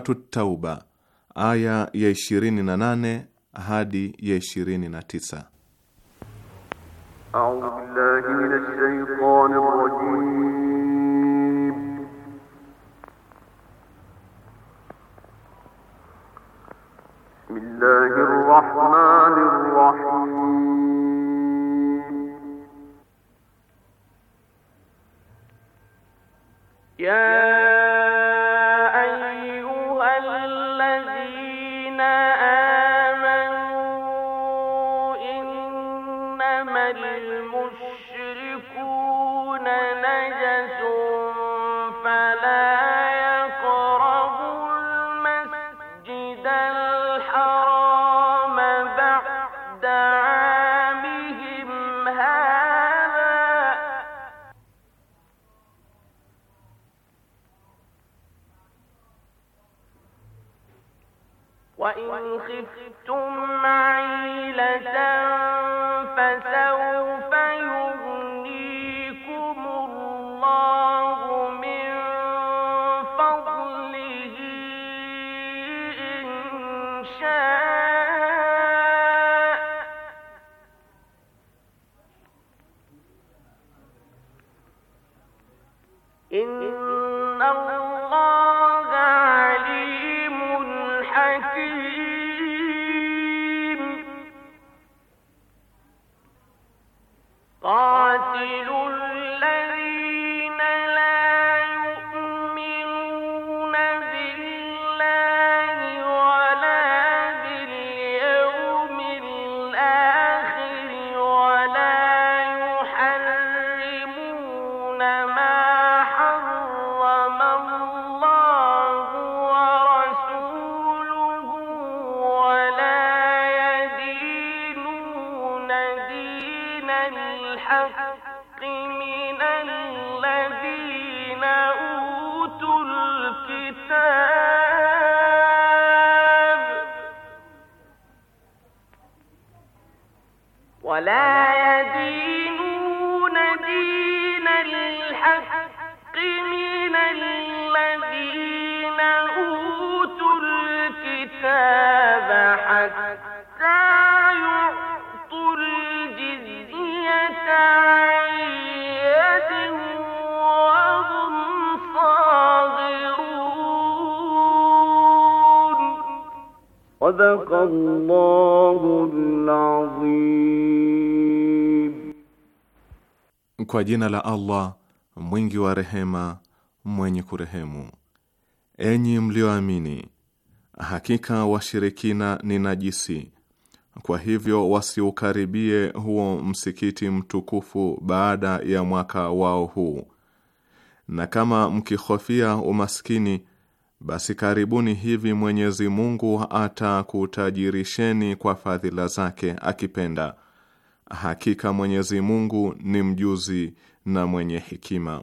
Suratu Tauba aya ya ishirini na nane hadi ya ishirini na tisa إنما المشركون نجد Kwa jina la Allah mwingi wa rehema, mwenye kurehemu. Enyi mlioamini Hakika washirikina ni najisi, kwa hivyo wasiukaribie huo msikiti mtukufu baada ya mwaka wao huu. Na kama mkihofia umaskini, basi karibuni hivi Mwenyezi Mungu atakutajirisheni kwa fadhila zake akipenda. Hakika Mwenyezi Mungu ni mjuzi na mwenye hekima.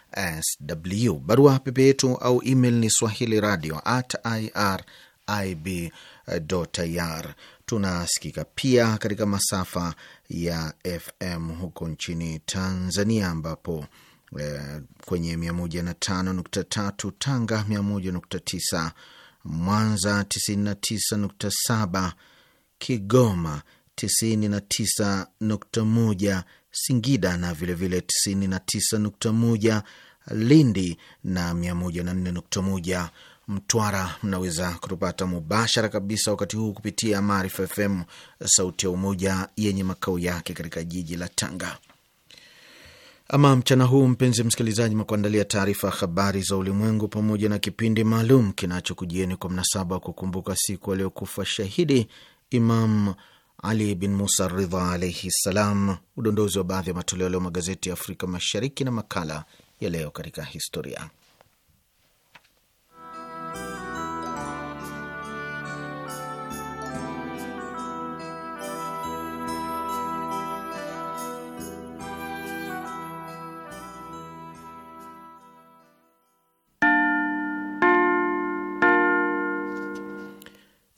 sw. Barua pepe yetu au email ni swahili radio at irib Tunasikika pia katika masafa ya FM huko nchini Tanzania ambapo eh, kwenye 105.3 Tanga, 101.9 Mwanza, 99.7 Kigoma, 99.1 Singida na vilevile 99.1 Lindi na 104.1 Mtwara. Mnaweza kutupata mubashara kabisa wakati huu kupitia Maarifa FM sauti ya Umoja yenye makao yake katika jiji la Tanga. Ama mchana huu, mpenzi msikilizaji, mekuandalia taarifa ya habari za ulimwengu pamoja na kipindi maalum kinachokujieni kwa mnasaba wa kukumbuka siku aliyokufa shahidi Imam ali bin Musa Ridha alaihi ssalam, udondozi wa baadhi ya matoleo leo magazeti ya Afrika Mashariki na makala ya leo katika historia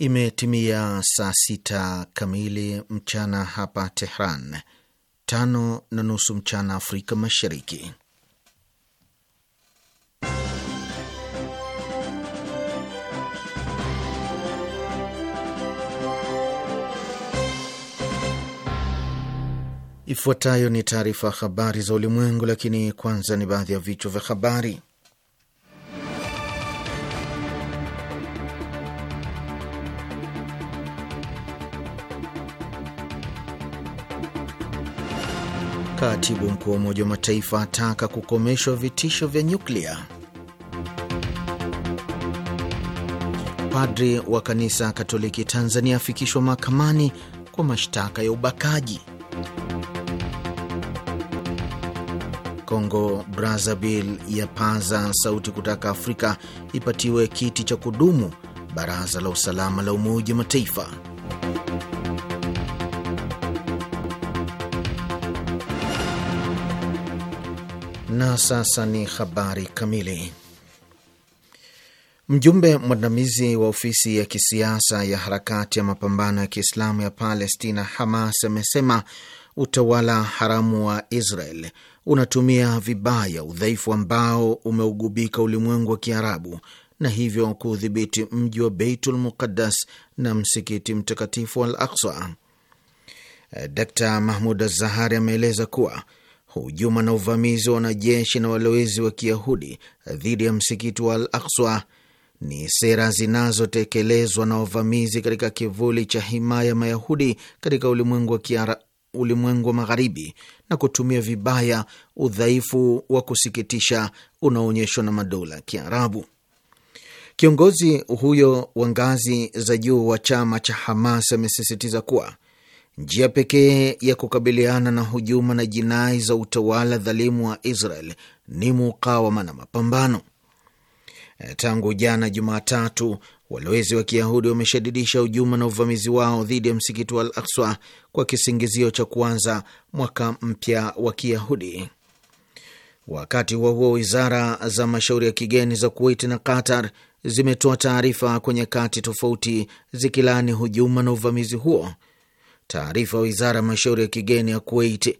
Imetimia saa sita kamili mchana hapa Tehran, tano na nusu mchana Afrika Mashariki. Ifuatayo ni taarifa habari za ulimwengu, lakini kwanza ni baadhi ya vichwa vya habari. Katibu mkuu wa Umoja wa Mataifa ataka kukomeshwa vitisho vya nyuklia. Padri wa kanisa Katoliki Tanzania afikishwa mahakamani kwa mashtaka ya ubakaji. Kongo Brazzaville yapaza sauti kutaka Afrika ipatiwe kiti cha kudumu baraza la usalama la Umoja wa Mataifa. Na sasa ni habari kamili. Mjumbe mwandamizi wa ofisi ya kisiasa ya harakati ya mapambano ya Kiislamu ya Palestina, Hamas, amesema utawala haramu wa Israel unatumia vibaya udhaifu ambao umeugubika ulimwengu wa Kiarabu na hivyo kuudhibiti mji wa Beitul Muqaddas na msikiti mtakatifu Al Aksa. Dkt Mahmud Azahari ameeleza kuwa hujuma na uvamizi wa wanajeshi na walowezi wa Kiyahudi dhidi ya msikiti wa Al Akswa ni sera zinazotekelezwa na wavamizi katika kivuli cha himaya Mayahudi katika ulimwengu wa kiara ulimwengu wa Magharibi na kutumia vibaya udhaifu wa kusikitisha unaoonyeshwa na madola ya Kiarabu. Kiongozi huyo wa ngazi za juu wa chama cha Hamas amesisitiza kuwa Njia pekee ya kukabiliana na hujuma na jinai za utawala dhalimu wa Israel ni mukawama na mapambano. E, tangu jana Jumatatu, walowezi wa Kiyahudi wameshadidisha hujuma na uvamizi wao dhidi ya msikiti wa Al Akswa kwa kisingizio cha kuanza mwaka mpya wa Kiyahudi. Wakati huo huo, wizara za mashauri ya kigeni za Kuwait na Qatar zimetoa taarifa kwenye kati tofauti zikilaani hujuma na uvamizi huo Taarifa ya wizara ya mashauri ya kigeni ya Kuwait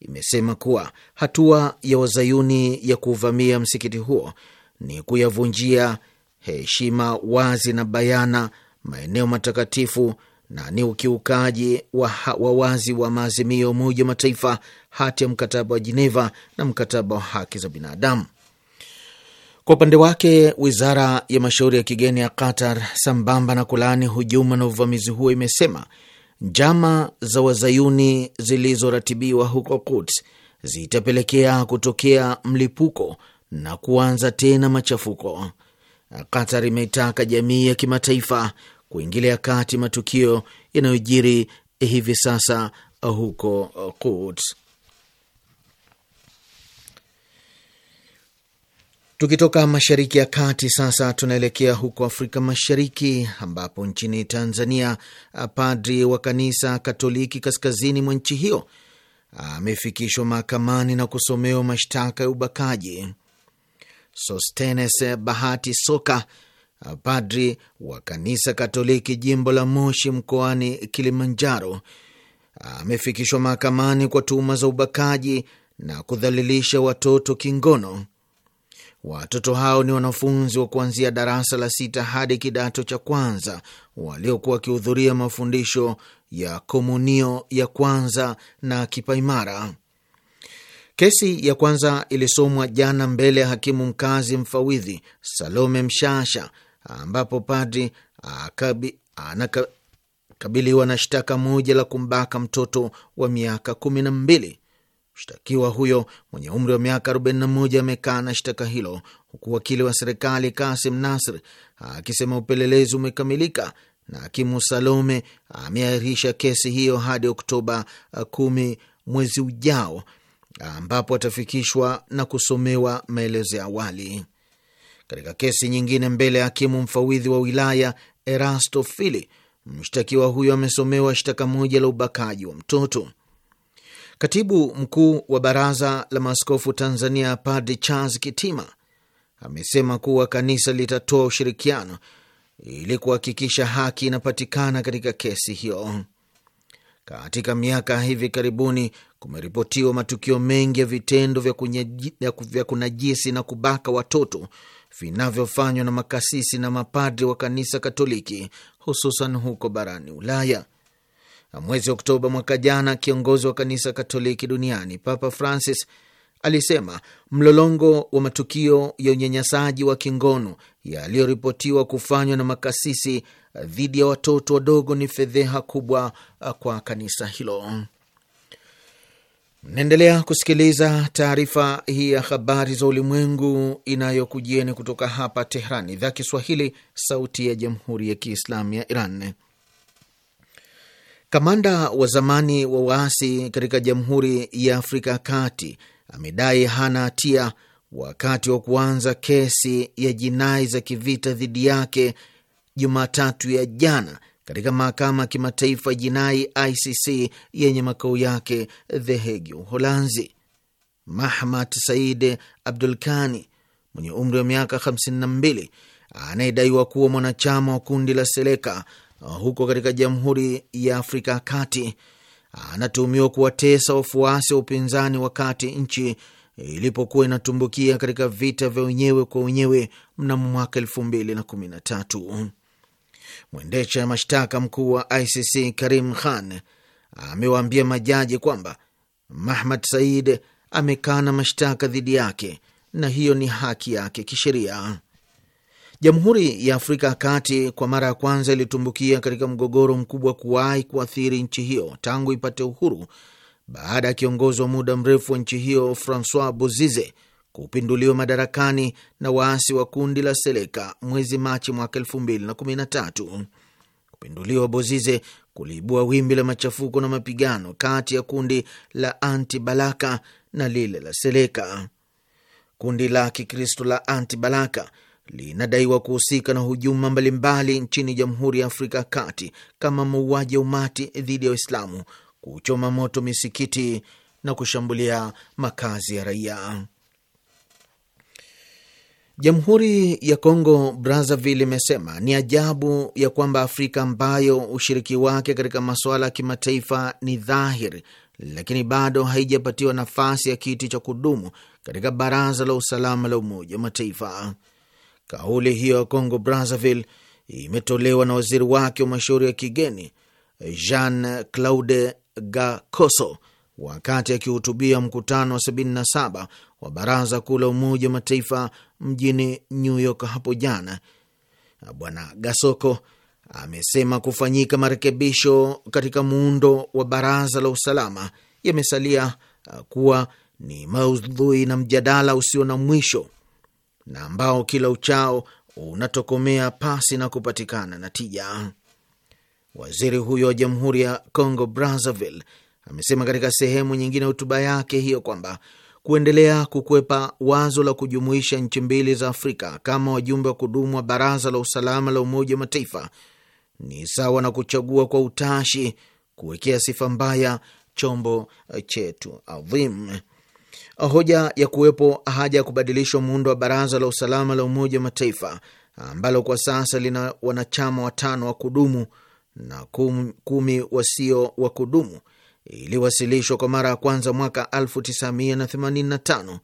imesema kuwa hatua ya wazayuni ya kuvamia msikiti huo ni kuyavunjia heshima wazi na bayana maeneo matakatifu na ni ukiukaji wa, wa wazi wa maazimio ya Umoja wa Mataifa, hati ya mkataba wa Jineva na mkataba wa haki za binadamu. Kwa upande wake wizara ya mashauri ya kigeni ya Qatar, sambamba na kulaani hujuma na uvamizi huo, imesema Njama za wazayuni zilizoratibiwa huko Quds zitapelekea kutokea mlipuko na kuanza tena machafuko. Qatar imeitaka jamii ya kimataifa kuingilia kati matukio yanayojiri hivi sasa huko Quds. Tukitoka mashariki ya kati sasa, tunaelekea huko Afrika Mashariki, ambapo nchini Tanzania padri wa kanisa Katoliki kaskazini mwa nchi hiyo amefikishwa mahakamani na kusomewa mashtaka ya ubakaji. Sostenes Bahati Soka, padri wa kanisa Katoliki jimbo la Moshi mkoani Kilimanjaro, amefikishwa mahakamani kwa tuhuma za ubakaji na kudhalilisha watoto kingono. Watoto hao ni wanafunzi wa kuanzia darasa la sita hadi kidato cha kwanza waliokuwa wakihudhuria mafundisho ya komunio ya kwanza na kipaimara. Kesi ya kwanza ilisomwa jana mbele ya hakimu mkazi mfawidhi Salome Mshasha, ambapo padri anakabiliwa na shtaka moja la kumbaka mtoto wa miaka kumi na mbili Mshtakiwa huyo mwenye umri wa miaka 41 amekana shtaka hilo, huku wakili wa serikali Kasim Nasr akisema upelelezi umekamilika na hakimu Salome ameahirisha kesi hiyo hadi Oktoba 10 mwezi ujao, ambapo atafikishwa na kusomewa maelezo ya awali. Katika kesi nyingine mbele ya hakimu mfawidhi wa wilaya Erasto Fili, mshtakiwa huyo amesomewa shtaka moja la ubakaji wa mtoto. Katibu mkuu wa Baraza la Maaskofu Tanzania, Padri Charles Kitima, amesema kuwa kanisa litatoa ushirikiano ili kuhakikisha haki inapatikana katika kesi hiyo. Katika miaka hivi karibuni kumeripotiwa matukio mengi ya vitendo vya, kunyaji, vya kunajisi na kubaka watoto vinavyofanywa na makasisi na mapadri wa kanisa Katoliki, hususan huko barani Ulaya na mwezi Oktoba mwaka jana, kiongozi wa kanisa Katoliki duniani Papa Francis alisema mlolongo wa matukio ya unyanyasaji wa kingono yaliyoripotiwa kufanywa na makasisi dhidi ya watoto wadogo ni fedheha kubwa kwa kanisa hilo. Mnaendelea kusikiliza taarifa hii ya habari za ulimwengu inayokujieni kutoka hapa Tehrani, idhaa Kiswahili, sauti ya jamhuri ya kiislamu ya Iran. Kamanda wa zamani wa waasi katika Jamhuri ya Afrika ya Kati amedai hana hatia wakati wa kuanza kesi ya jinai za kivita dhidi yake Jumatatu ya jana katika mahakama ya kimataifa ya jinai ICC yenye makao yake The Hague, Uholanzi. Mahmat Said Abdulkani mwenye umri wa miaka 52 anayedaiwa kuwa mwanachama wa kundi la Seleka Uh, huko katika Jamhuri ya Afrika ya Kati anatuhumiwa kuwatesa wafuasi wa upinzani wakati nchi ilipokuwa inatumbukia katika vita vya wenyewe kwa wenyewe mnamo mwaka elfu mbili na kumi na tatu. Mwendesha mashtaka mkuu wa ICC Karim Khan amewaambia majaji kwamba Mahmad Said amekana mashtaka dhidi yake na hiyo ni haki yake kisheria. Jamhuri ya Afrika ya Kati kwa mara ya kwanza ilitumbukia katika mgogoro mkubwa kuwahi kuathiri nchi hiyo tangu ipate uhuru baada ya kiongozi wa muda mrefu wa nchi hiyo Francois Bozize kupinduliwa madarakani na waasi wa kundi la Seleka mwezi Machi mwaka elfu mbili na kumi na tatu. Kupinduliwa Bozize kuliibua wimbi la machafuko na mapigano kati ya kundi la Anti Balaka na lile la Seleka. Kundi la Kikristo la Anti Balaka linadaiwa kuhusika na hujuma mbalimbali nchini Jamhuri ya Afrika ya Kati kama mauaji ya umati dhidi ya Waislamu, kuchoma moto misikiti na kushambulia makazi ya raia. Jamhuri ya Kongo Brazzaville imesema ni ajabu ya kwamba Afrika ambayo ushiriki wake katika masuala ya kimataifa ni dhahiri, lakini bado haijapatiwa nafasi ya kiti cha kudumu katika Baraza la Usalama la Umoja wa Mataifa. Kauli hiyo ya Congo Brazzaville imetolewa na waziri wake wa mashauri ya kigeni Jean Claude Gakoso wakati akihutubia mkutano wa 77 wa Baraza Kuu la Umoja wa Mataifa mjini New York hapo jana. Bwana Gasoko amesema kufanyika marekebisho katika muundo wa Baraza la Usalama yamesalia kuwa ni maudhui na mjadala usio na mwisho na ambao kila uchao unatokomea pasi na kupatikana na tija. Waziri huyo wa Jamhuri ya Congo Brazzaville amesema katika sehemu nyingine ya hotuba yake hiyo kwamba kuendelea kukwepa wazo la kujumuisha nchi mbili za Afrika kama wajumbe wa kudumu wa Baraza la Usalama la Umoja wa Mataifa ni sawa na kuchagua kwa utashi kuwekea sifa mbaya chombo chetu adhimu hoja ya kuwepo haja ya kubadilishwa muundo wa Baraza la Usalama la Umoja wa Mataifa ambalo kwa sasa lina wanachama watano wa kudumu na kumi, kumi wasio wa kudumu iliwasilishwa kwa mara ya kwanza mwaka 1985.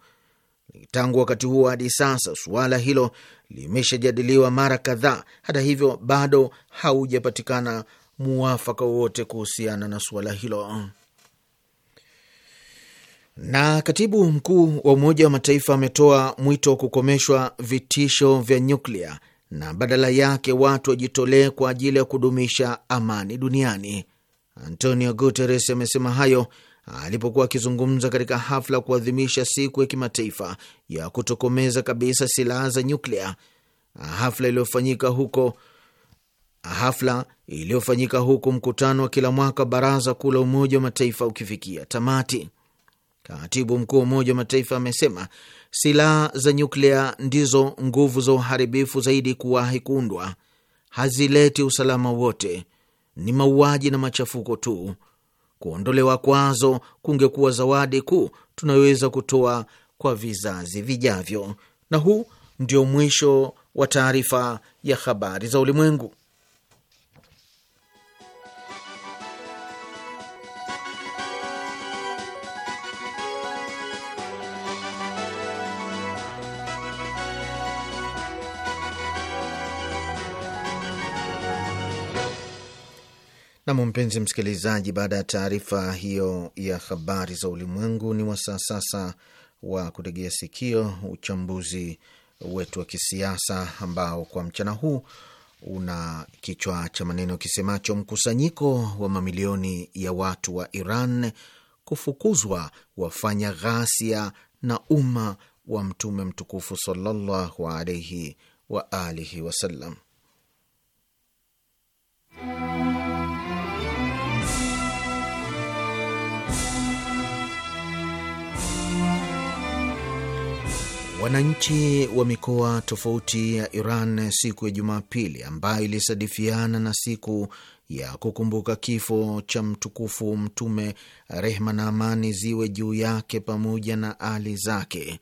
Tangu wakati huo hadi sasa suala hilo limeshajadiliwa mara kadhaa. Hata hivyo, bado haujapatikana muwafaka wowote kuhusiana na suala hilo. Na katibu mkuu wa Umoja wa Mataifa ametoa mwito wa kukomeshwa vitisho vya nyuklia na badala yake watu wajitolee kwa ajili ya kudumisha amani duniani. Antonio Guterres amesema hayo alipokuwa akizungumza katika hafla ya kuadhimisha siku ya kimataifa ya kutokomeza kabisa silaha za nyuklia, hafla iliyofanyika huko hafla iliyofanyika huku mkutano wa kila mwaka baraza kuu la Umoja wa Mataifa ukifikia tamati. Katibu mkuu wa Umoja wa Mataifa amesema silaha za nyuklia ndizo nguvu za uharibifu zaidi kuwahi kuundwa. Hazileti usalama wote, ni mauaji na machafuko tu. Kuondolewa kwazo kungekuwa zawadi kuu tunayoweza kutoa kwa vizazi vijavyo. Na huu ndio mwisho wa taarifa ya habari za ulimwengu. Nam, mpenzi msikilizaji, baada ya taarifa hiyo ya habari za ulimwengu, ni wasaa sasa wa kutegea sikio uchambuzi wetu wa kisiasa ambao kwa mchana huu una kichwa cha maneno kisemacho mkusanyiko wa mamilioni ya watu wa Iran kufukuzwa wafanya ghasia na umma wa Mtume mtukufu sallallahu alaihi wa alihi wasallam. Wananchi wa mikoa tofauti ya Iran siku ya Jumapili ambayo ilisadifiana na siku ya kukumbuka kifo cha mtukufu Mtume, rehma na amani ziwe juu yake pamoja na ali zake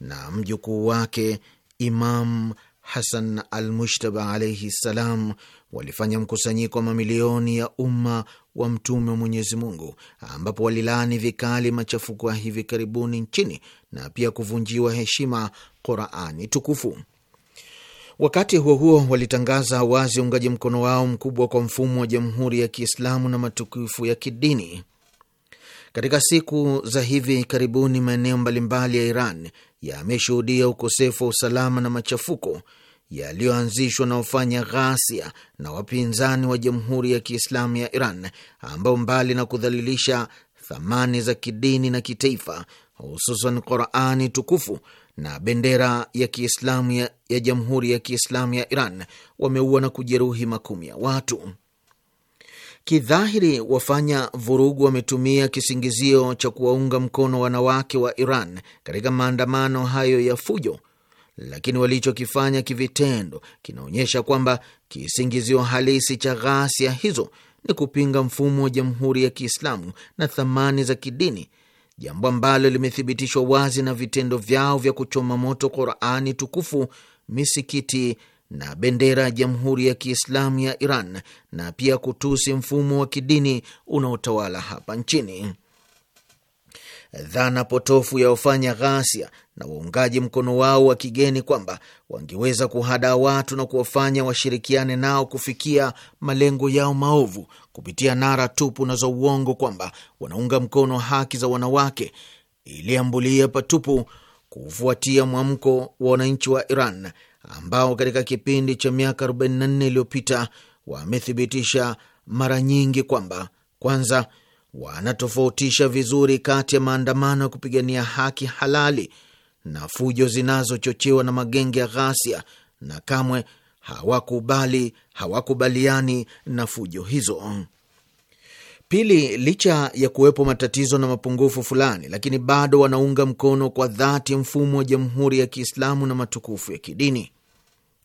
na mjukuu wake Imam Hasan al Mushtaba alaihi ssalam, walifanya mkusanyiko wa mamilioni ya umma wa Mtume wa Mwenyezi Mungu, ambapo walilaani vikali machafuko ya hivi karibuni nchini na pia kuvunjiwa heshima Qurani tukufu. Wakati huo huo, walitangaza wazi uungaji mkono wao mkubwa kwa mfumo wa Jamhuri ya Kiislamu na matukufu ya kidini. Katika siku za hivi karibuni, maeneo mbalimbali ya Iran yameshuhudia ukosefu wa usalama na machafuko yaliyoanzishwa na wafanya ghasia na wapinzani wa Jamhuri ya Kiislamu ya Iran ambao mbali na kudhalilisha thamani za kidini na kitaifa, hususan Qurani tukufu na bendera ya Kiislamu ya, ya Jamhuri ya Kiislamu ya Iran wameua na kujeruhi makumi ya watu. Kidhahiri, wafanya vurugu wametumia kisingizio cha kuwaunga mkono wanawake wa Iran katika maandamano hayo ya fujo lakini walichokifanya kivitendo kinaonyesha kwamba kisingizio halisi cha ghasia hizo ni kupinga mfumo wa Jamhuri ya Kiislamu na thamani za kidini, jambo ambalo limethibitishwa wazi na vitendo vyao vya kuchoma moto Qurani tukufu, misikiti na bendera ya Jamhuri ya Kiislamu ya Iran na pia kutusi mfumo wa kidini unaotawala hapa nchini dhana potofu ya wafanya ghasia na waungaji mkono wao wa kigeni kwamba wangeweza kuhadaa watu na kuwafanya washirikiane nao kufikia malengo yao maovu kupitia nara tupu na za uongo kwamba wanaunga mkono haki za wanawake iliambulia patupu kufuatia mwamko wa wananchi wa Iran ambao katika kipindi cha miaka 44 iliyopita wamethibitisha mara nyingi kwamba kwanza wanatofautisha vizuri kati ya maandamano ya kupigania haki halali na fujo zinazochochewa na magenge ya ghasia, na kamwe hawakubali hawakubaliani na fujo hizo. Pili, licha ya kuwepo matatizo na mapungufu fulani, lakini bado wanaunga mkono kwa dhati mfumo wa Jamhuri ya Kiislamu na matukufu ya kidini.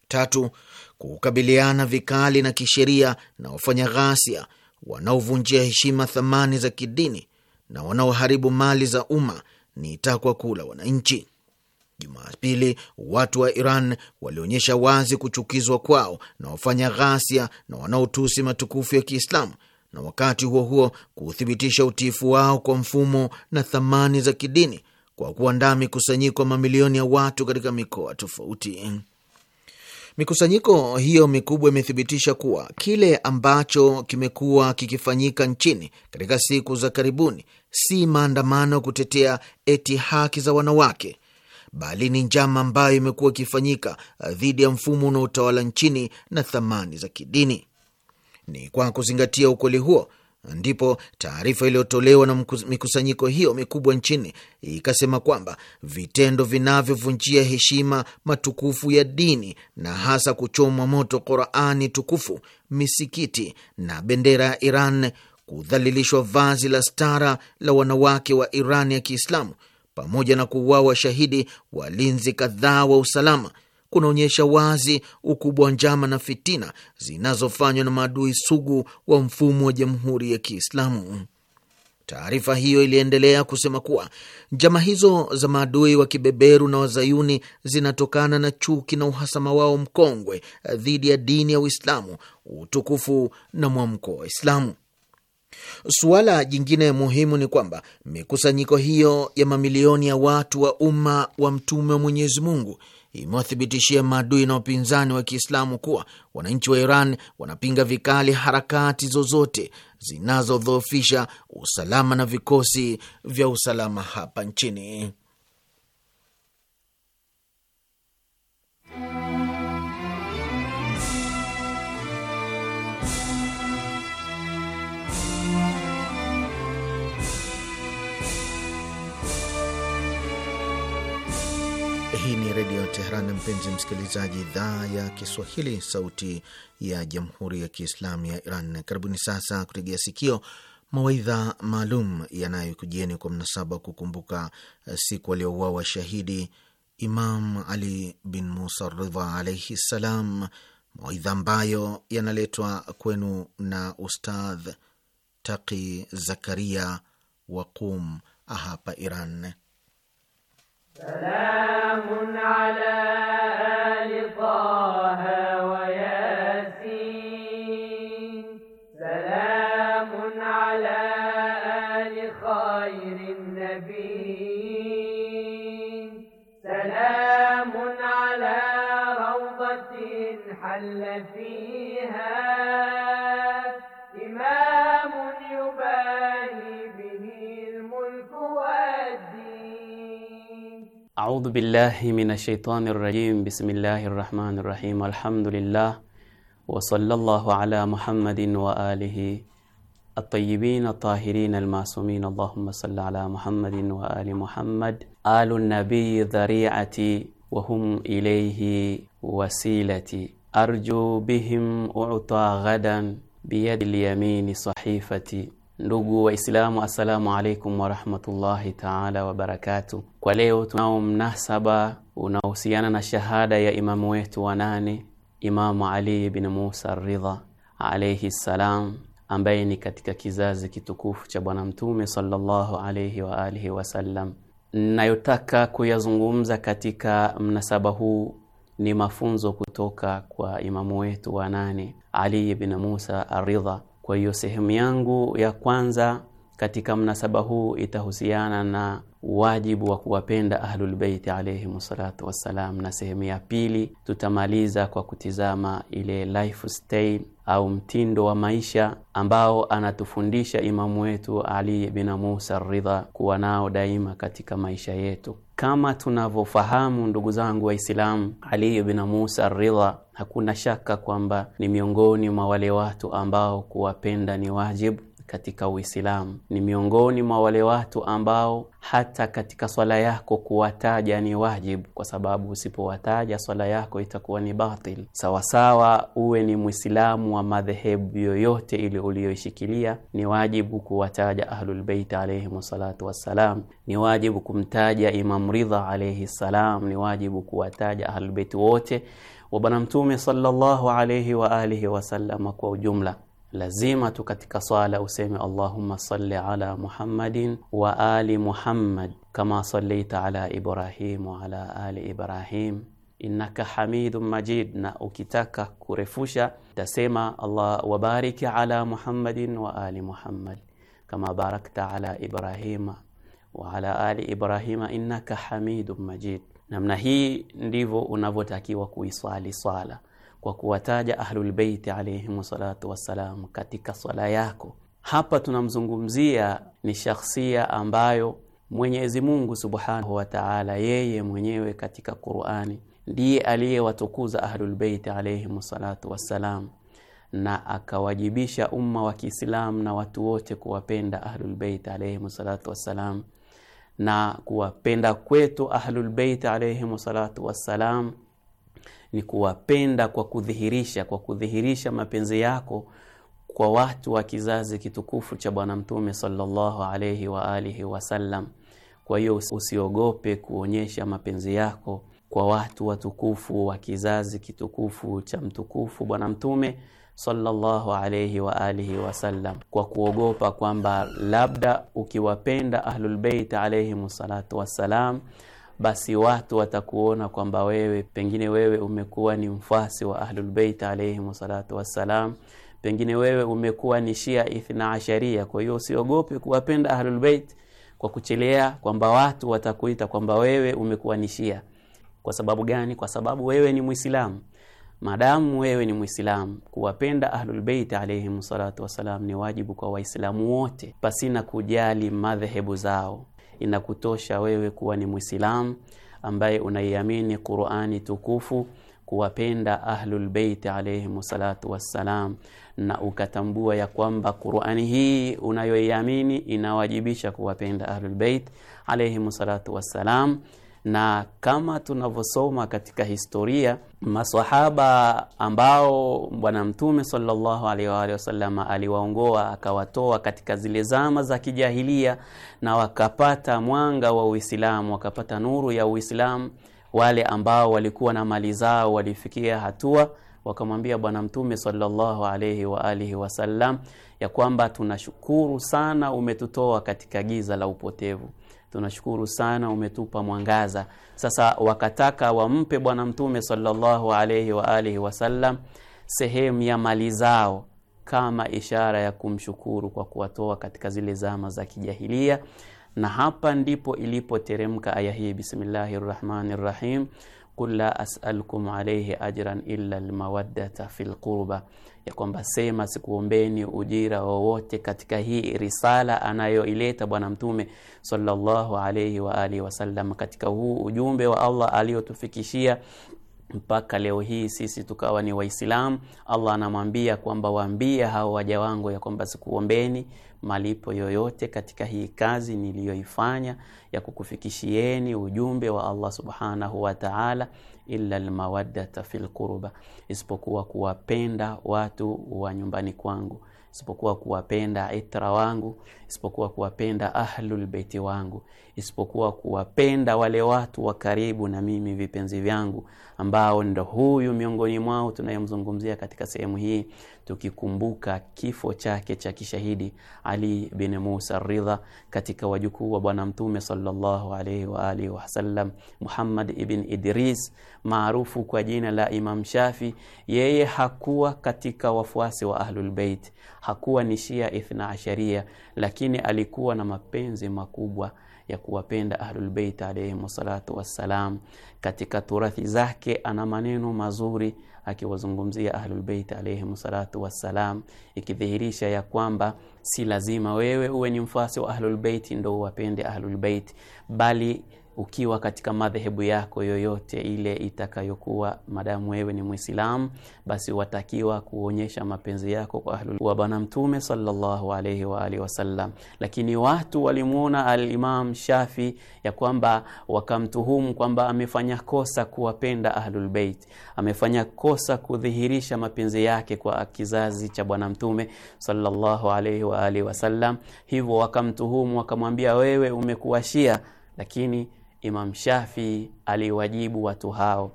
Tatu, kukabiliana vikali na kisheria na wafanya ghasia wanaovunjia heshima thamani za kidini na wanaoharibu mali za umma ni takwa kuu la wananchi. Jumapili watu wa Iran walionyesha wazi kuchukizwa kwao na wafanya ghasia na wanaotusi matukufu ya Kiislamu na wakati huo huo kuuthibitisha utiifu wao kwa mfumo na thamani za kidini kwa kuandaa mikusanyiko mamilioni ya watu katika mikoa tofauti. Mikusanyiko hiyo mikubwa imethibitisha kuwa kile ambacho kimekuwa kikifanyika nchini katika siku za karibuni si maandamano kutetea eti haki za wanawake, bali ni njama ambayo imekuwa ikifanyika dhidi ya mfumo unaotawala nchini na thamani za kidini. Ni kwa kuzingatia ukweli huo Ndipo taarifa iliyotolewa na mikusanyiko hiyo mikubwa nchini ikasema kwamba vitendo vinavyovunjia heshima matukufu ya dini na hasa kuchomwa moto Qurani tukufu, misikiti na bendera ya Iran, kudhalilishwa vazi la stara la wanawake wa Iran ya Kiislamu, pamoja na kuuawa shahidi walinzi kadhaa wa usalama kunaonyesha wazi ukubwa wa njama na fitina zinazofanywa na maadui sugu wa mfumo wa Jamhuri ya Kiislamu. Taarifa hiyo iliendelea kusema kuwa njama hizo za maadui wa kibeberu na wazayuni zinatokana na chuki na uhasama wao mkongwe dhidi ya dini ya Uislamu utukufu na mwamko wa Islamu. Suala jingine muhimu ni kwamba mikusanyiko hiyo ya mamilioni ya watu wa umma wa mtume wa Mwenyezi Mungu imewathibitishia maadui na wapinzani wa Kiislamu kuwa wananchi wa Iran wanapinga vikali harakati zozote zinazodhoofisha usalama na vikosi vya usalama hapa nchini. Teheran. Mpenzi msikilizaji, idhaa ya Kiswahili, sauti ya jamhuri ya kiislamu ya Iran. Karibuni sasa kutegea sikio mawaidha maalum yanayokujieni kwa mnasaba wa kukumbuka eh, siku aliyouawa shahidi Imam Ali bin Musa Ridha alaihi ssalam, mawaidha ambayo yanaletwa kwenu na Ustadh Taqi Zakaria wa Qum hapa Iran. سلام على آل طه وياسين سلام على آل خير النبي سلام على روضة حل فيها أعوذ بالله من الشيطان الرجيم بسم الله الرحمن الرحيم الحمد لله وصلى الله على محمد وآله الطيبين الطاهرين المعصومين اللهم صل على محمد وآل محمد آل النبي ذريعتي وهم إليه وسيلتي أرجو بهم أعطى غدا بيد اليمين صحيفتي Ndugu Waislamu, assalamu alaikum warahmatullahi taala wabarakatu. Kwa leo tunao mnasaba unaohusiana na shahada ya imamu wetu wa nane, Imamu Ali bin Musa Ridha alaihi ssalam, ambaye ni katika kizazi kitukufu cha Bwana Mtume sallallahu alaihi wa alihi wasallam. Ninayotaka kuyazungumza katika mnasaba huu ni mafunzo kutoka kwa imamu wetu wa nane, Ali bin Musa Aridha kwa hiyo sehemu yangu ya kwanza katika mnasaba huu itahusiana na wajibu wa kuwapenda Ahlulbeiti alaihim salatu wassalam, na sehemu ya pili tutamaliza kwa kutizama ile lifestyle au mtindo wa maisha ambao anatufundisha imamu wetu Ali bin Musa Ridha kuwa nao daima katika maisha yetu. Kama tunavyofahamu ndugu zangu Waislamu, Ali ibn Musa Ridha hakuna shaka kwamba ni miongoni mwa wale watu ambao kuwapenda ni wajibu katika Uislamu. Ni miongoni mwa wale watu ambao hata katika swala yako kuwataja ni wajibu, kwa sababu usipowataja swala yako itakuwa ni batil. Sawasawa, uwe ni Mwislamu wa madhehebu yoyote ili uliyoishikilia, ni wajibu kuwataja Ahlulbeiti alaihim salatu wassalam, ni wajibu kumtaja Imam Ridha alaihi salam, ni wajibu kuwataja Ahlulbeiti wote wa Bwana Mtume sallallahu alaihi wa alihi kwa ujumla lazima tu katika swala useme Allahumma salli ala Muhammadin wa ali Muhammad kama sallaita ala Ibrahim wa ala ali Ibrahim innaka hamidun majid. Na ukitaka kurefusha utasema Allah wabariki ala Muhammadin wa ali Muhammad kama barakta ala Ibrahima wa ala ali Ibrahima innaka hamidun majid. Namna hii ndivyo unavyotakiwa kuiswali swala kwa kuwataja Ahlulbeiti alayhim salatu wassalam katika swala yako. Hapa tunamzungumzia ni shakhsia ambayo Mwenyezi Mungu subhanahu wa taala yeye mwenyewe katika Qurani ndiye aliyewatukuza Ahlulbeiti alayhim salatu wassalam na akawajibisha umma wa Kiislamu na watu wote kuwapenda ahlulbeiti alayhim salatu wassalam, na kuwapenda kwetu ahlulbeiti alayhim salatu wassalam ni kuwapenda kwa kudhihirisha, kwa kudhihirisha mapenzi yako kwa watu wa kizazi kitukufu cha Bwana Mtume sallallahu alayhi wa alihi wasallam. Kwa hiyo usiogope kuonyesha mapenzi yako kwa watu watukufu wa kizazi kitukufu cha mtukufu Bwana Mtume sallallahu alayhi wa alihi wasallam, kwa kuogopa kwamba labda ukiwapenda Ahlulbeit alayhimus salatu wassalam basi watu watakuona kwamba wewe pengine wewe umekuwa ni mfasi wa Ahlulbeit alaihim salatu wassalam, pengine wewe umekuwa ni Shia Ithna Asharia. Kwa hiyo usiogope kuwapenda Ahlulbeit kwa kuchelea kwamba watu watakuita kwamba wewe umekuwa ni Shia. Kwa sababu gani? Kwa sababu wewe ni Mwislamu. madamu wewe ni Mwislamu, kuwapenda Ahlulbeiti alaihim salatu wassalam ni wajibu kwa Waislamu wote pasina kujali madhehebu zao inakutosha wewe kuwa ni Muislamu ambaye unaiamini Qur'ani tukufu kuwapenda ahlulbeiti beiti salatu wassalam, na ukatambua ya kwamba Qur'ani hii unayoiamini inawajibisha kuwapenda ahlulbeit bait salatu wassalam na kama tunavyosoma katika historia masahaba ambao Bwana Mtume sallallahu alaihi wa alihi wasallam aliwaongoa akawatoa katika zile zama za kijahilia, na wakapata mwanga wa Uislamu, wakapata nuru ya Uislamu. Wale ambao walikuwa na mali zao walifikia hatua wakamwambia Bwana Mtume sallallahu alaihi wa alihi wasallam ya kwamba tunashukuru sana, umetutoa katika giza la upotevu tunashukuru sana, umetupa mwangaza. Sasa wakataka wampe Bwana Mtume sallallahu alaihi wa alihi wasallam sehemu ya mali zao kama ishara ya kumshukuru kwa kuwatoa katika zile zama za kijahilia, na hapa ndipo ilipoteremka aya hii, bismillahi rrahmani rrahim, qul la asalkum alaihi ajran illa lmawaddata fi lqurba ya kwamba sema sikuombeni ujira wowote katika hii risala anayoileta Bwana Mtume sallallahu alayhi wa alihi wasallam, katika huu ujumbe wa Allah aliyotufikishia mpaka leo hii sisi tukawa ni Waislamu. Allah anamwambia kwamba waambie hao waja wangu ya kwamba sikuombeni malipo yoyote katika hii kazi niliyoifanya ya kukufikishieni ujumbe wa Allah subhanahu wa ta'ala, illa almawaddata fil qurba, isipokuwa kuwapenda watu wa nyumbani kwangu, isipokuwa kuwapenda itra wangu, isipokuwa kuwapenda ahlul wangu, isipokuwa kuwapenda wale watu wa karibu na mimi, vipenzi vyangu, ambao ndo huyu miongoni mwao tunayemzungumzia katika sehemu hii tukikumbuka kifo chake cha kishahidi Ali bin Musa Ridha katika wajukuu wa bwana mtume sallallahu alaihi wa alihi wasallam Muhammad ibn Idris maarufu kwa jina la Imam Shafi yeye hakuwa katika wafuasi wa ahlulbeit hakuwa ni Shia Ithna Asharia lakini alikuwa na mapenzi makubwa ya kuwapenda ahlulbeit Bait salatu wassalam katika turathi zake ana maneno mazuri akiwazungumzia Ahlulbeit alaihim salatu wassalam, ikidhihirisha ya kwamba si lazima wewe uwe ni mfuasi wa Ahlulbeiti ndo uwapende Ahlulbeiti bali ukiwa katika madhehebu yako yoyote ile itakayokuwa, madamu wewe ni mwislamu basi watakiwa kuonyesha mapenzi yako kwa ahlul wa Bwana Mtume sallallahu alayhi wa alihi wasallam. Lakini watu walimwona alimam Shafi ya kwamba wakamtuhumu kwamba amefanya kosa kuwapenda ahlulbeit amefanya kosa kudhihirisha mapenzi yake kwa kizazi cha Bwana Mtume sallallahu alayhi wa alihi wasallam. Hivyo wakamtuhumu wakamwambia, wewe umekuwa Shia, lakini Imam Shafi aliwajibu watu hao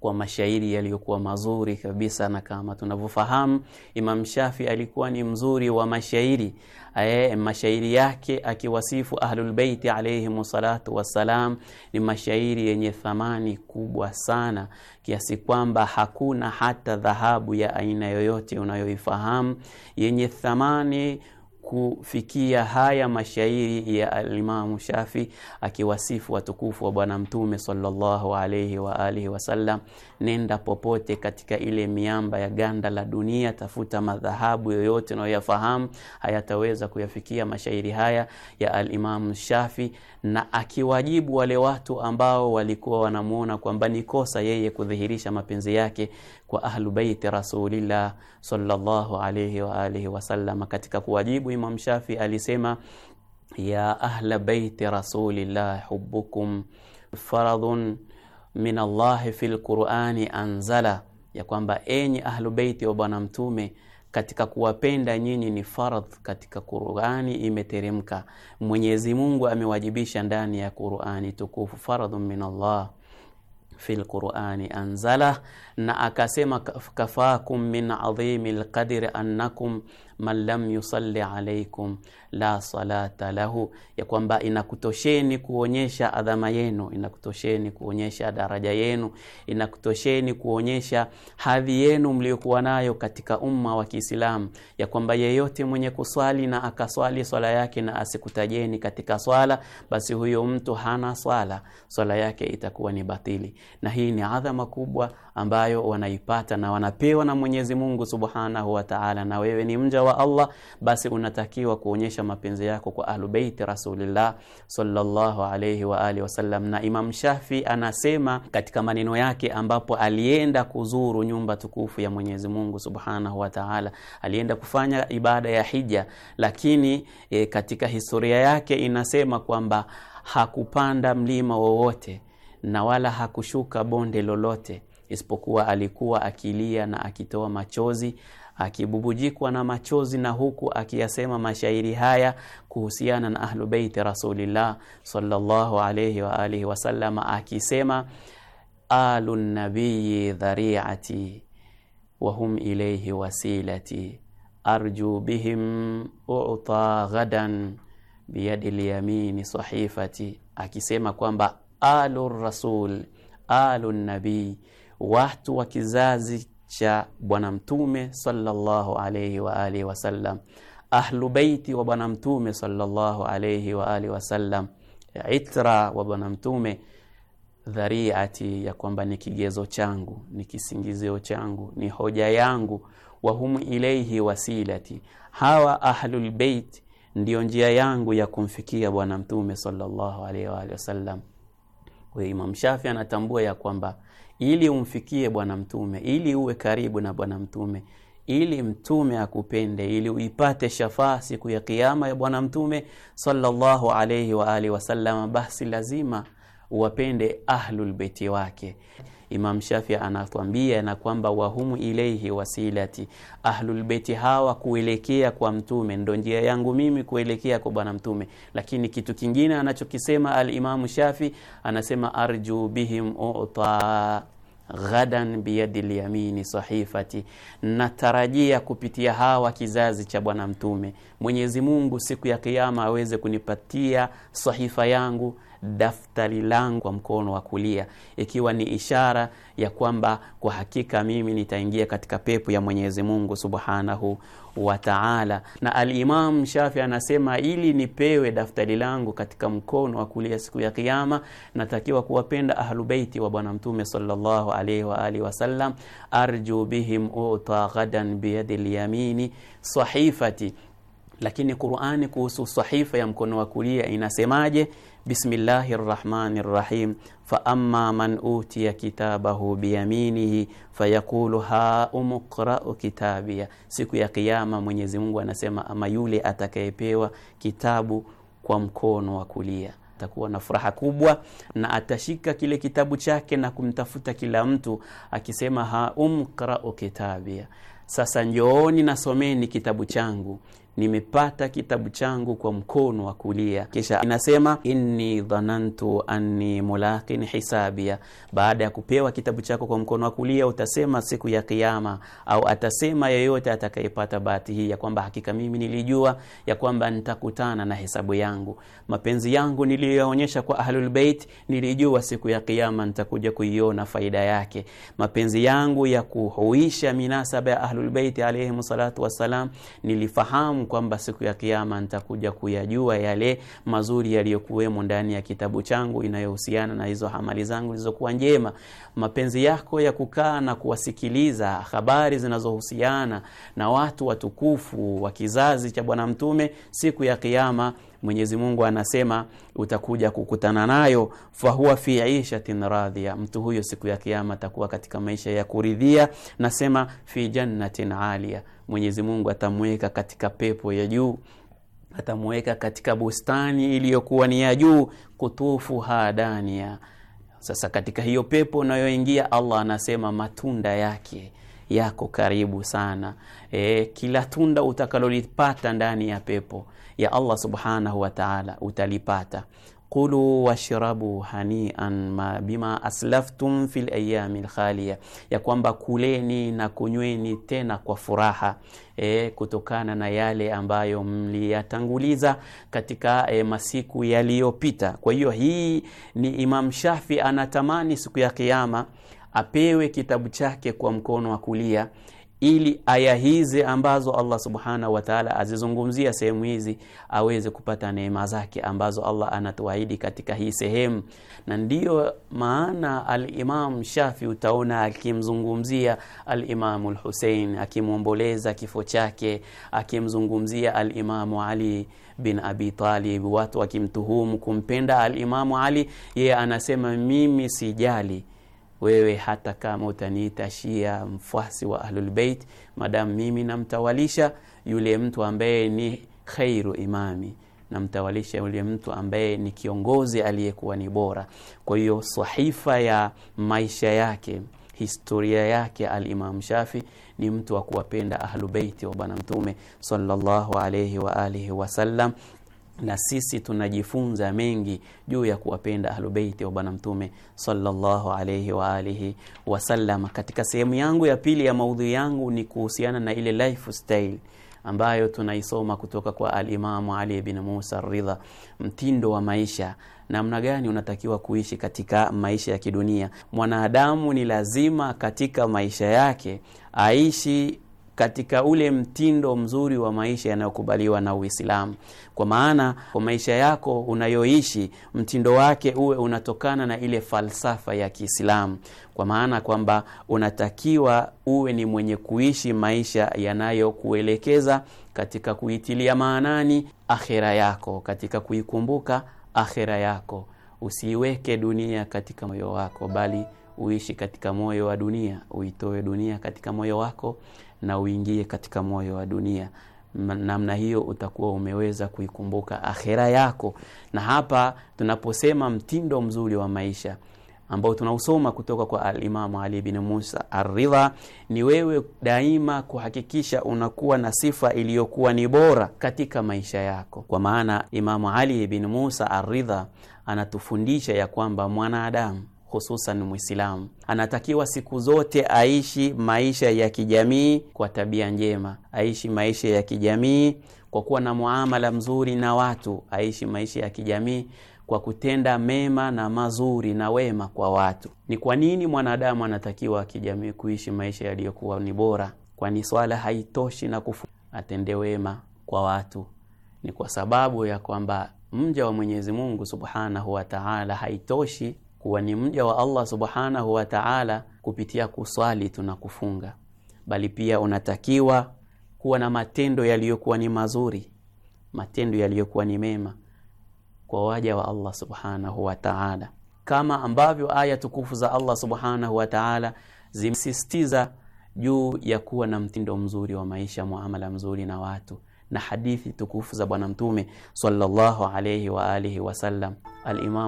kwa mashairi yaliyokuwa mazuri kabisa, na kama tunavyofahamu Imam Shafi alikuwa ni mzuri wa mashairi e, mashairi yake akiwasifu Ahlulbeiti alaihim salatu wassalam ni mashairi yenye thamani kubwa sana, kiasi kwamba hakuna hata dhahabu ya aina yoyote unayoifahamu yenye thamani kufikia haya mashairi ya alimamu Shafi akiwasifu watukufu wa Bwana Mtume sallallahu alaihi wa alihi wasallam nenda popote katika ile miamba ya ganda la dunia, tafuta madhahabu yoyote unayoyafahamu, hayataweza kuyafikia mashairi haya ya Alimamu Shafi, na akiwajibu wale watu ambao walikuwa wanamuona kwamba ni kosa yeye kudhihirisha mapenzi yake kwa Ahlubeiti Rasulillah sallallahu alaihi wa alihi wasallam. Katika kuwajibu Imam Shafi alisema ya ahla rasulillah hubukum faradhun min Allahi fi lqurani anzala, ya kwamba enyi ahlu beiti wa Bwana Mtume, katika kuwapenda nyinyi ni fardh, katika Qur'ani imeteremka. Mwenyezi Mungu amewajibisha ndani ya Qur'ani tukufu, fardhun min Allah fi lqurani anzala na akasema kafakum min adhimi lqadri annakum man lam yusalli alaikum la salata lahu, ya kwamba inakutosheni kuonyesha adhama yenu, inakutosheni kuonyesha daraja yenu, inakutosheni kuonyesha hadhi yenu mliokuwa nayo katika umma wa Kiislamu, ya kwamba yeyote mwenye kuswali na akaswali swala yake na asikutajeni katika swala, basi huyo mtu hana swala, swala yake itakuwa ni batili. Na hii ni adhama kubwa ambayo wanaipata na wanapewa na Mwenyezi Mungu Subhanahu wa Ta'ala. Na wewe ni mja wa Allah, basi unatakiwa kuonyesha mapenzi yako kwa ahlubeiti Rasulillah sallallahu alayhi wa alihi wasallam. Na Imam Shafi anasema katika maneno yake, ambapo alienda kuzuru nyumba tukufu ya Mwenyezi Mungu Subhanahu wa Ta'ala, alienda kufanya ibada ya hija, lakini e, katika historia yake inasema kwamba hakupanda mlima wowote na wala hakushuka bonde lolote isipokuwa alikuwa akilia na akitoa machozi akibubujikwa na machozi na huku akiyasema mashairi haya kuhusiana na ahlu beiti rasulillah sallallahu alayhi wa alihi wasallam, akisema alu nabiyi dhariati wa hum ilayhi wasilati arju bihim uta ghadan biyadi lyamini sahifati, akisema kwamba alu rasul alu nabii watu wa kizazi cha Bwana Mtume sallallahu alayhi wa alihi wasallam, ahlu baiti wa Bwana Mtume sallallahu alayhi wa alihi wasallam, itra wa Bwana Mtume, dhariati ya kwamba ni kigezo changu, ni kisingizio changu, ni hoja yangu, wahum ilaihi wasilati, hawa ahlul bait ndiyo njia yangu ya kumfikia Bwana Mtume sallallahu alayhi wa alihi wasallam. Kwa hiyo Imam Shafi anatambua ya kwamba ili umfikie Bwana Mtume, ili uwe karibu na Bwana Mtume, ili Mtume akupende, ili uipate shafaa siku ya Kiyama ya Bwana Mtume sallallahu alayhi wa alihi wasallam, basi lazima uwapende ahlulbeiti wake. Imam Shafi anatuambia na kwamba wahumu ilaihi wasilati, ahlulbeiti hawa kuelekea kwa mtume ndo njia yangu mimi kuelekea kwa bwana mtume. Lakini kitu kingine anachokisema alimamu Shafi anasema arju bihim uta ghadan biyadi lyamini sahifati, natarajia kupitia hawa kizazi cha bwana mtume Mwenyezi Mungu siku ya Kiyama aweze kunipatia sahifa yangu daftari langu kwa mkono wa kulia, ikiwa ni ishara ya kwamba kwa hakika mimi nitaingia katika pepo ya Mwenyezi Mungu Subhanahu wa Ta'ala. Na al-Imam Shafi anasema ili nipewe daftari langu katika mkono wa kulia siku ya Kiyama, natakiwa kuwapenda ahlubeiti wa Bwana Mtume sallallahu alaihi wa alihi wasallam, arju bihim uta ghadan biyadi lyamini sahifati. Lakini Qur'ani kuhusu sahifa ya mkono wa kulia inasemaje? bismillahi rrahmani rrahim faama man utiya kitabahu biyaminihi fayaqulu haumu qrau kitabia, siku ya Kiyama Mwenyezi Mungu anasema, ama yule atakayepewa kitabu kwa mkono wa kulia atakuwa na furaha kubwa, na atashika kile kitabu chake na kumtafuta kila mtu akisema, haumqrau kitabia, sasa njooni nasomeni kitabu changu nimepata kitabu changu kwa mkono wa kulia. Kisha inasema inni dhanantu anni mulaqin hisabia. Baada ya kupewa kitabu chako kwa mkono wa kulia, utasema siku ya Kiyama, au atasema yeyote atakayepata bahati hii ya kwamba hakika mimi nilijua ya kwamba nitakutana na hesabu yangu. Mapenzi yangu niliyoonyesha kwa Ahlul Bait, nilijua siku ya Kiyama nitakuja kuiona faida yake. Mapenzi yangu ya kuhuisha minasaba ya Ahlul Bait alayhi salatu wassalam, nilifahamu alifahamu kwamba siku ya kiama nitakuja kuyajua yale mazuri yaliyokuwemo ndani ya kitabu changu inayohusiana na hizo amali zangu zilizokuwa njema. Mapenzi yako ya kukaa na kuwasikiliza habari zinazohusiana na watu watukufu wa kizazi cha Bwana Mtume, siku ya kiama Mwenyezi Mungu anasema utakuja kukutana nayo, fahuwa fi ishatin radhia, mtu huyo siku ya kiama atakuwa katika maisha ya kuridhia. Nasema fi jannatin alia Mwenyezi Mungu atamweka katika pepo ya juu, atamweka katika bustani iliyokuwa ni ya juu, kutufu hadania. Sasa katika hiyo pepo unayoingia, Allah anasema matunda yake yako karibu sana. E, kila tunda utakalolipata ndani ya pepo ya Allah subhanahu wa ta'ala utalipata kulu washrabu hanian ma bima aslaftum fi layami lkhalia, ya kwamba kuleni na kunyweni tena kwa furaha e, kutokana na yale ambayo mliyatanguliza katika e, masiku yaliyopita. Kwa hiyo hii ni Imam Shafi anatamani siku ya Kiyama apewe kitabu chake kwa mkono wa kulia ili aya hizi ambazo Allah subhanahu wa taala azizungumzia sehemu hizi aweze kupata neema zake ambazo Allah anatuahidi katika hii sehemu, na ndiyo maana alimamu Shafi utaona akimzungumzia Alimamu Lhusein akimwomboleza kifo chake, akimzungumzia Alimamu Ali bin Abi Talib, watu wakimtuhumu kumpenda Alimamu Ali, yeye anasema mimi sijali wewe hata kama utaniita Shia, mfuasi wa Ahlulbeit, madamu mimi namtawalisha yule mtu ambaye ni khairu imami, namtawalisha yule mtu ambaye ni kiongozi aliyekuwa ni bora. Kwa hiyo sahifa ya maisha yake historia yake Alimam Shafi ni mtu wa kuwapenda ahlubeiti wa Bwana Mtume sallallahu alayhi wasallam na sisi tunajifunza mengi juu ya kuwapenda ahlubeiti wa Bwana Mtume salllahu alaihi wa alihi Katika sehemu yangu ya pili ya maudhui yangu ni kuhusiana na ile lifestyle ambayo tunaisoma kutoka kwa alimamu Ali bin Musa Ridha, mtindo wa maisha, namna gani unatakiwa kuishi katika maisha ya kidunia. Mwanadamu ni lazima katika maisha yake aishi katika ule mtindo mzuri wa maisha yanayokubaliwa na Uislamu. Kwa maana kwa maisha yako unayoishi mtindo wake uwe unatokana na ile falsafa ya Kiislamu, kwa maana kwamba unatakiwa uwe ni mwenye kuishi maisha yanayokuelekeza katika kuitilia maanani akhera yako, katika kuikumbuka akhera yako. Usiiweke dunia katika moyo wako, bali uishi katika moyo wa dunia, uitoe dunia katika moyo wako na uingie katika moyo wa dunia. Namna hiyo utakuwa umeweza kuikumbuka akhera yako. Na hapa tunaposema mtindo mzuri wa maisha ambao tunausoma kutoka kwa alimamu Ali bin Musa Arridha, ni wewe daima kuhakikisha unakuwa na sifa iliyokuwa ni bora katika maisha yako. Kwa maana Imamu Ali bin Musa Arridha anatufundisha ya kwamba mwanadamu hususan Mwislamu anatakiwa siku zote aishi maisha ya kijamii kwa tabia njema, aishi maisha ya kijamii kwa kuwa na muamala mzuri na watu, aishi maisha ya kijamii kwa kutenda mema na mazuri na wema kwa watu. Ni kwa nini mwanadamu anatakiwa kijamii kuishi maisha yaliyokuwa ni bora? Kwani swala haitoshi na kufu atende wema kwa watu, ni kwa sababu ya kwamba mja wa Mwenyezi Mungu Subhanahu wa Ta'ala haitoshi kuwa ni mja wa Allah subhanahu wa ta'ala kupitia kuswali tuna kufunga, bali pia unatakiwa kuwa na matendo yaliyokuwa ni mazuri, matendo yaliyokuwa ni mema kwa waja wa Allah subhanahu wa ta'ala, kama ambavyo aya tukufu za Allah subhanahu wa ta'ala zimsisitiza juu ya kuwa na mtindo mzuri wa maisha, muamala mzuri na watu na hadithi tukufu za Bwana Mtume sallallahu alayhi wa alihi wasallam.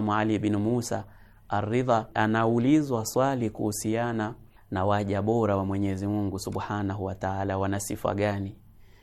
Ali bin Musa Aridha anaulizwa swali kuhusiana na waja bora wa Mwenyezi Mungu Subhanahu wa Ta'ala, wana sifa gani?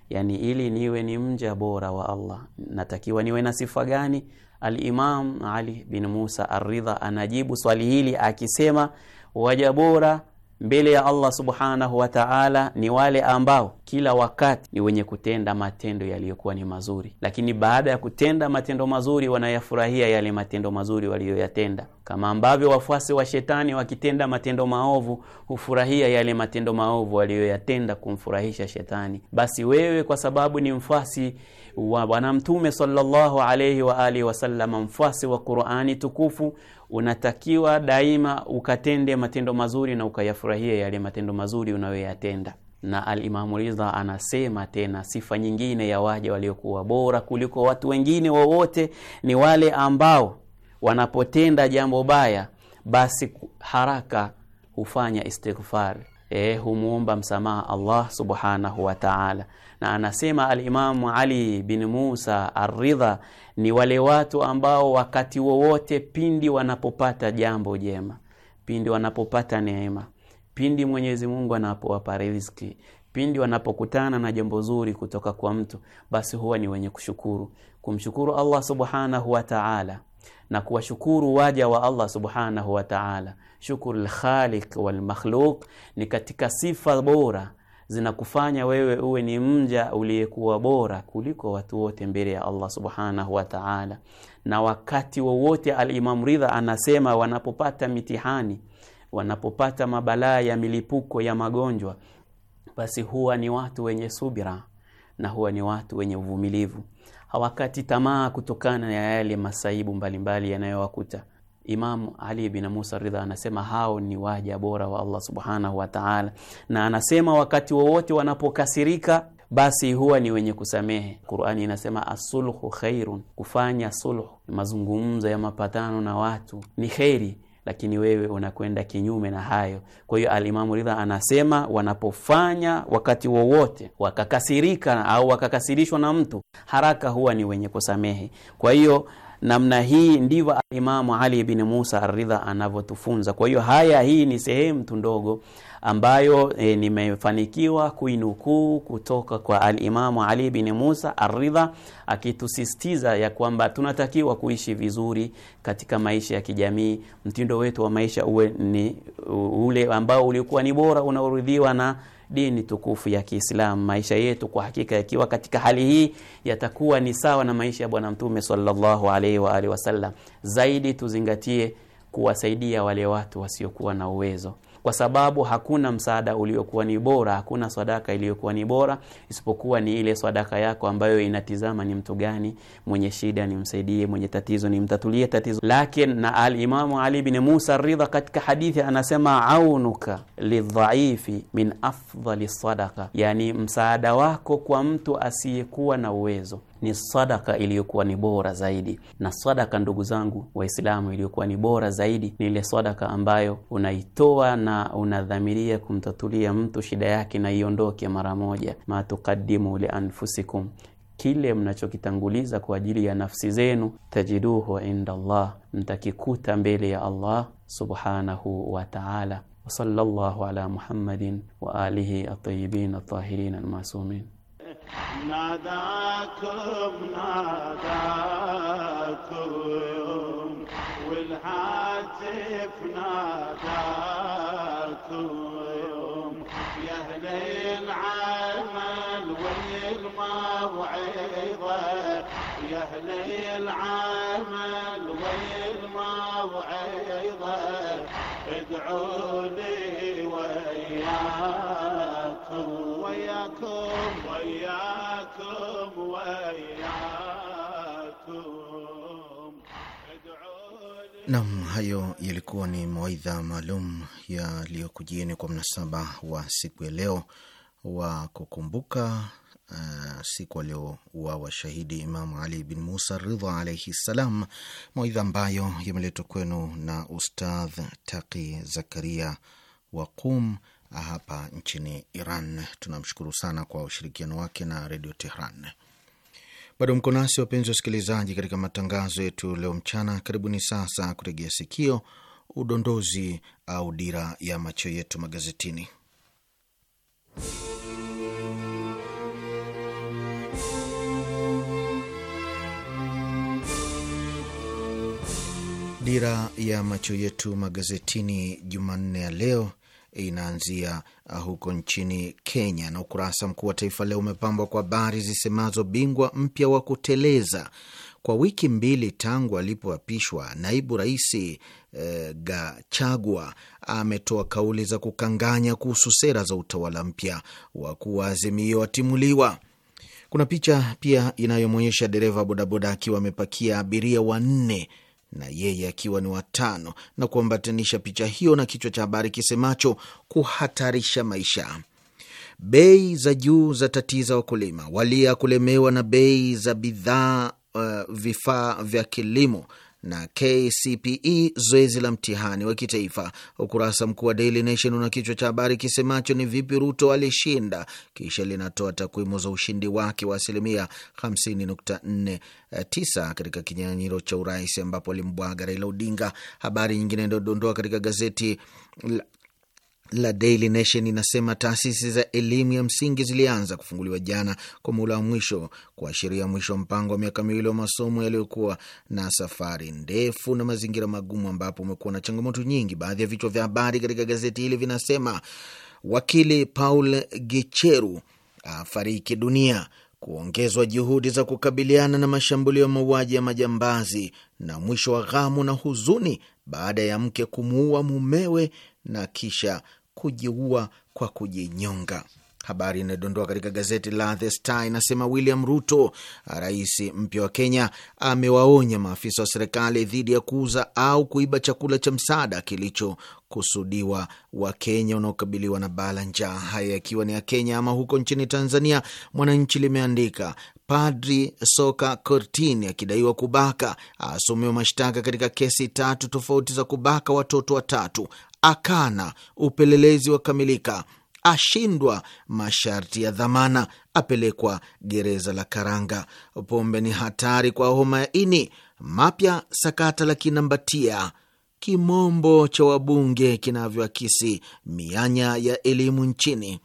Yani, ili niwe ni mja bora wa Allah natakiwa niwe na sifa gani? alimam Ali bin Musa Aridha anajibu swali hili akisema waja bora mbele ya Allah subhanahu wa ta'ala ni wale ambao kila wakati ni wenye kutenda matendo yaliyokuwa ni mazuri, lakini baada ya kutenda matendo mazuri wanayafurahia yale matendo mazuri waliyoyatenda, kama ambavyo wafuasi wa shetani wakitenda matendo maovu hufurahia yale matendo maovu waliyoyatenda kumfurahisha shetani. Basi wewe kwa sababu ni mfuasi wa Bwana Mtume sallallahu alayhi wa alihi wasallam, mfuasi wa Qur'ani tukufu, unatakiwa daima ukatende matendo mazuri na ukayafurahie yale matendo mazuri unayoyatenda. Na Alimamu Ridha anasema tena, sifa nyingine ya waja waliokuwa bora kuliko watu wengine wowote ni wale ambao wanapotenda jambo baya, basi haraka hufanya istighfar eh, humuomba msamaha Allah subhanahu wa ta'ala. Na anasema alimamu Ali bin Musa Arridha, ni wale watu ambao wakati wowote pindi wanapopata jambo jema, pindi wanapopata neema, pindi Mwenyezi Mungu anapowapa riziki pindi wanapokutana na jambo zuri kutoka kwa mtu, basi huwa ni wenye kushukuru, kumshukuru Allah subhanahu wa ta'ala na kuwashukuru waja wa Allah subhanahu wa ta'ala. Shukuru lkhaliq walmakhluq ni katika sifa bora zinakufanya wewe uwe ni mja uliyekuwa bora kuliko watu wote mbele ya Allah subhanahu wa ta'ala. Na wakati wowote wa Ridha anasema wanapopata mitihani, wanapopata mabalaa ya milipuko ya magonjwa, basi huwa ni watu wenye subira na huwa ni watu wenye uvumilivu hawakati tamaa kutokana na yale masaibu mbalimbali yanayowakuta. imamu Ali bin Musa Ridha anasema hao ni waja bora wa Allah subhanahu wa ta'ala, na anasema wakati wowote wanapokasirika basi huwa ni wenye kusamehe. Qur'ani inasema asulhu khairun, kufanya sulhu, mazungumzo ya mapatano na watu ni kheri lakini wewe unakwenda kinyume na hayo. Kwa hiyo Alimamu Ridha anasema wanapofanya wakati wowote wakakasirika au wakakasirishwa na mtu, haraka huwa ni wenye kusamehe. Kwa hiyo namna hii ndivyo Alimamu Ali bin Musa Aridha anavyotufunza. Kwa hiyo haya, hii ni sehemu tu ndogo ambayo e, nimefanikiwa kuinukuu kutoka kwa alimamu Ali bin Musa Aridha akitusisitiza ya kwamba tunatakiwa kuishi vizuri katika maisha ya kijamii, mtindo wetu wa maisha uwe ni ule ambao ulikuwa ni bora unaoridhiwa na dini tukufu ya Kiislamu. Maisha yetu kwa hakika yakiwa katika hali hii yatakuwa ni sawa na maisha ya Bwana Mtume sallallahu alaihi wa alihi wasallam. Zaidi tuzingatie kuwasaidia wale watu wasiokuwa na uwezo kwa sababu hakuna msaada uliokuwa ni bora, hakuna sadaka iliyokuwa ni bora isipokuwa ni ile sadaka yako ambayo inatizama ni mtu gani mwenye shida, nimsaidie, mwenye tatizo nimtatulie tatizo. Lakin na alimamu Ali bin Musa Ridha katika hadithi anasema, aunuka lidhaifi min afdhali sadaka yani msaada wako kwa mtu asiyekuwa na uwezo ni sadaka iliyokuwa ni bora zaidi. Na sadaka, ndugu zangu Waislamu, iliyokuwa ni bora zaidi ni ile sadaka ambayo unaitoa na unadhamiria kumtatulia mtu shida yake na iondoke mara moja. ma lianfusikum li anfusikum kile mnachokitanguliza kwa ajili ya nafsi zenu, tajiduhu inda Allah, mtakikuta mbele ya Allah subhanahu wa ta'ala. Wa sallallahu ala Muhammadin wa alihi at-tayyibin ناداكم ناداكم والهاتف ناداكم يا اهل العمل والموعظه يا اهل العمل والموعظه ادعوا وياكم وياكم وياكم nam. Hayo yalikuwa ni mawaidha maalum yaliyokujieni kwa mnasaba wa siku ya leo wa kukumbuka Uh, siku aliouawa shahidi Imamu Ali bin Musa Ridha alaihi ssalam, mawaidha ambayo yameletwa kwenu na Ustadh Taqi Zakaria wa Qum hapa nchini Iran. Tunamshukuru sana kwa ushirikiano wake na Redio Tehran. Bado mko nasi wapenzi wa wasikilizaji, katika matangazo yetu leo mchana. Karibuni sasa kutegea sikio udondozi au dira ya macho yetu magazetini. Dira ya macho yetu magazetini Jumanne ya leo inaanzia uh, huko nchini Kenya, na ukurasa mkuu wa Taifa Leo umepambwa kwa habari zisemazo bingwa mpya wa kuteleza. Kwa wiki mbili tangu alipoapishwa, naibu rais e, Gachagua ametoa kauli za kukanganya kuhusu sera za utawala mpya. wa Azimio watimuliwa. Kuna picha pia inayomwonyesha dereva bodaboda akiwa amepakia abiria wanne na yeye akiwa ni watano na kuambatanisha picha hiyo na kichwa cha habari kisemacho kuhatarisha maisha. Bei za juu za tatiza wakulima walia kulemewa na bei za bidhaa uh, vifaa vya kilimo na KCPE zoezi la mtihani wa kitaifa. Ukurasa mkuu wa Daily Nation una kichwa cha habari kisemacho ni vipi Ruto alishinda, kisha linatoa takwimu za ushindi wake wa asilimia 50.49 katika kinyang'anyiro cha urais ambapo alimbwaga Raila Odinga. Habari nyingine inayodondoa katika gazeti la Daily Nation inasema taasisi za elimu ya msingi zilianza kufunguliwa jana kwa muhula wa mwisho kuashiria mwisho wa mpango wa miaka miwili wa masomo yaliyokuwa na safari ndefu na mazingira magumu, ambapo umekuwa na changamoto nyingi. Baadhi ya vichwa vya habari katika gazeti hili vinasema wakili Paul Gicheru afariki dunia, kuongezwa juhudi za kukabiliana na mashambulio ya mauaji ya majambazi, na mwisho wa ghamu na huzuni baada ya mke kumuua mumewe na kisha kujiua kwa kujinyonga. Habari inayodondoa katika gazeti la The Star inasema William Ruto, rais mpya wa Kenya, amewaonya maafisa wa serikali dhidi ya kuuza au kuiba chakula cha msaada kilichokusudiwa Wakenya wanaokabiliwa na balaa njaa. Haya yakiwa ni ya Kenya. Ama huko nchini Tanzania, Mwananchi limeandika Padri Soka Kortini akidaiwa kubaka asomewa mashtaka katika kesi tatu tofauti za kubaka watoto watatu, akana upelelezi wa kamilika ashindwa masharti ya dhamana, apelekwa gereza la Karanga. Pombe ni hatari kwa homa ya ini. Mapya sakata la kinambatia kimombo cha wabunge kinavyoakisi mianya ya elimu nchini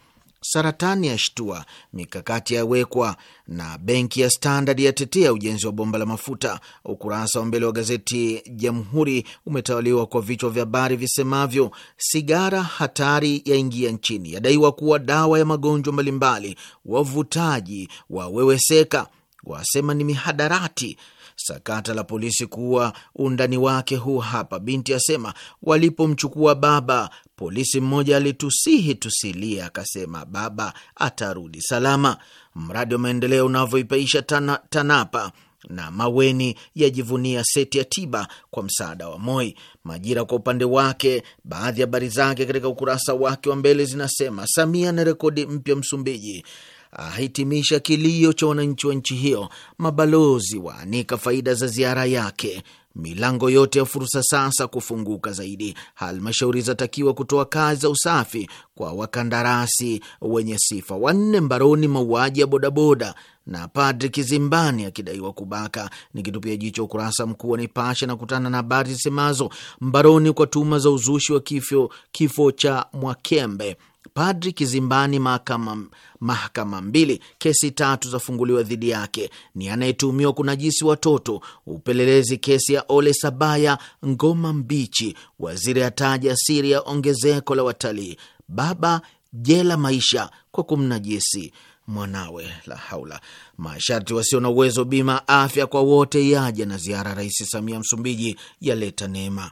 saratani ya shtua, mikakati yawekwa na benki ya Standard yatetea ujenzi wa bomba la mafuta. Ukurasa wa mbele wa gazeti Jamhuri umetawaliwa kwa vichwa vya habari visemavyo: sigara hatari yaingia nchini, yadaiwa kuwa dawa ya magonjwa mbalimbali, wavutaji waweweseka, wasema ni mihadarati Sakata la polisi kuwa undani wake huu hapa. Binti asema walipomchukua baba Polisi mmoja alitusihi tusilie, akasema baba atarudi salama. Mradi wa maendeleo unavyoipaisha tana, TANAPA na Maweni yajivunia seti ya tiba kwa msaada wa MOI. Majira kwa upande wake, baadhi ya habari zake katika ukurasa wake wa mbele zinasema Samia na rekodi mpya Msumbiji, ahitimisha kilio cha wananchi wa nchi hiyo, mabalozi waanika faida za ziara yake Milango yote ya fursa sasa kufunguka zaidi. Halmashauri zatakiwa kutoa kazi za usafi kwa wakandarasi wenye sifa. Wanne mbaroni mauaji ya bodaboda na Padri kizimbani akidaiwa kubaka. Ni kitupia jicho ukurasa mkuu wa Nipashe na kutana na habari zisemazo mbaroni kwa tuma za uzushi wa kifo, kifo cha Mwakembe padri kizimbani mahakama, mahakama mbili, kesi tatu zafunguliwa dhidi yake, ni anayetuhumiwa kunajisi watoto. Upelelezi kesi ya Ole Sabaya ngoma mbichi, waziri ataja siri ya ongezeko la watalii. Baba jela maisha kwa kumnajisi mwanawe. La haula! Masharti wasio na uwezo, bima afya kwa wote yaja na ziara Rais Samia Msumbiji yaleta neema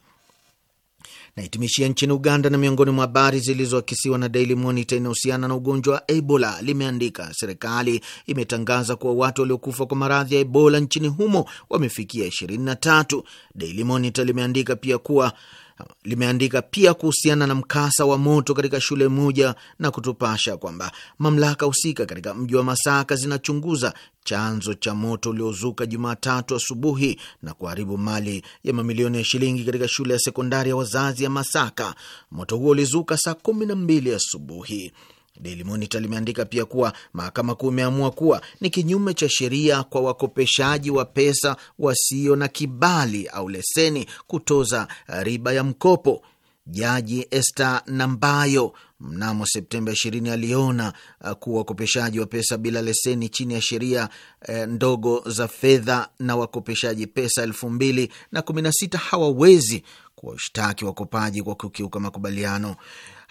na hitimishia nchini Uganda, na miongoni mwa habari zilizoakisiwa na Daily Monitor inahusiana na ugonjwa wa Ebola. Limeandika serikali imetangaza kuwa watu waliokufa kwa maradhi ya Ebola nchini humo wamefikia 23. Daily Monitor limeandika pia kuwa limeandika pia kuhusiana na mkasa wa moto katika shule moja na kutupasha kwamba mamlaka husika katika mji wa Masaka zinachunguza chanzo cha moto uliozuka Jumatatu asubuhi na kuharibu mali ya mamilioni ya shilingi katika shule ya sekondari ya wazazi ya Masaka. Moto huo ulizuka saa kumi na mbili asubuhi. Daily Monitor limeandika pia kuwa mahakama kuu imeamua kuwa ni kinyume cha sheria kwa wakopeshaji wa pesa wasio na kibali au leseni kutoza riba ya mkopo. Jaji Esther Nambayo mnamo Septemba 20 aliona uh, kuwa wakopeshaji wa pesa bila leseni chini ya sheria e, ndogo za fedha na wakopeshaji pesa elfu mbili na kumi na sita hawawezi kuwashtaki wakopaji kwa kukiuka makubaliano.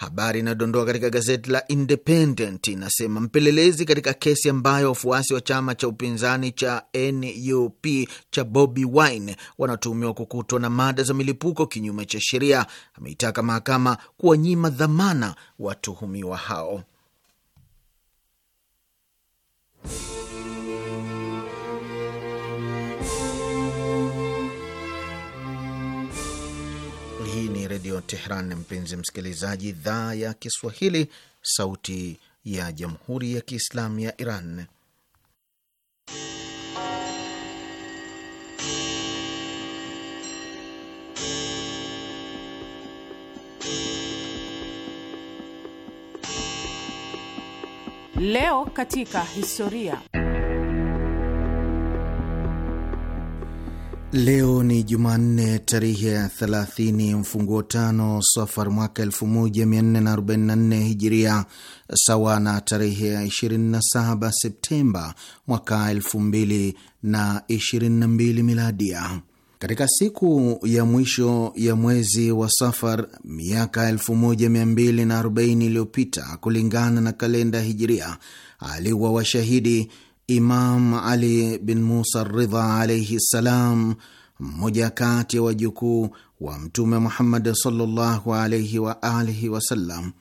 Habari inayodondoa katika gazeti la Independent inasema mpelelezi katika kesi ambayo wafuasi wa chama cha upinzani cha NUP cha Bobi Wine wanatuhumiwa kukutwa na mada za milipuko kinyume cha sheria ameitaka mahakama kuwanyima dhamana watuhumiwa hao. Redio Tehran, mpenzi msikilizaji, idhaa ya Kiswahili, sauti ya Jamhuri ya Kiislamu ya Iran. Leo katika historia Leo ni Jumanne tarehe ya 30 mfunguo tano Safar mwaka 1444 Hijiria, sawa na tarehe ya 27 Septemba mwaka 2022 Miladia. Katika siku ya mwisho ya mwezi wa Safar miaka 1240 iliyopita kulingana na kalenda Hijiria, aliwa washahidi Imam Ali bin Musa Ridha alaihi ssalam, mmoja kati ya wajukuu wa Mtume Muhammad sallallahu alaihi wa alihi wasallam.